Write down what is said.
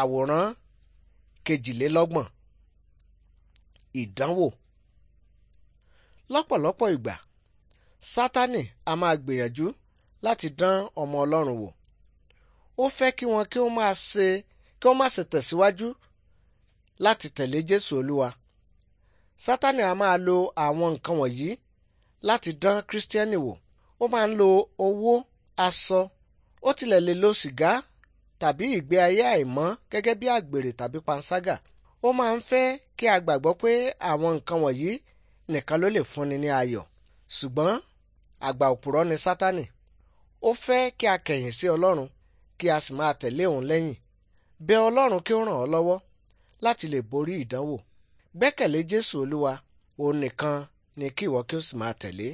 àwòrán kejìlélọ́gbọ̀n ìdánwò lọ́pọ̀lọpọ̀ ìgbà sátánì a máa gbìyànjú láti dán ọmọ ọlọ́run wò ó fẹ́ kí wọn kí wọ́n máa ṣe kí wọ́n máa ṣe tẹ̀síwájú láti tẹ̀lé jésù olúwa sátánì a máa lo àwọn nǹkan wọ̀nyí láti dán kírísítíẹ́nì wò ó máa ń lo owó aṣọ ó tilẹ̀ lè lo sìgá tàbí ìgbé ayé àìmọ́ gẹ́gẹ́ bí àgbèrè tàbí panṣágà ó máa ń fẹ́ kí a gbàgbọ́ pé àwọn nǹkan wọ̀nyí nìkan ló lè fúnni ní ayọ̀ ṣùgbọ́n àgbà òpùrọ́ ni sátánì ó fẹ́ kí a kẹ̀yìn sí ọlọ́run kí a sì máa tẹ̀lé òun lẹ́yìn bẹ̀ ọlọ́run kí ó ràn ọ́ lọ́wọ́ láti lè borí ìdánwò gbẹ́kẹ̀lé jésù olúwa òun nìkan ni kí ìwọ kí ó sì máa tẹ̀lé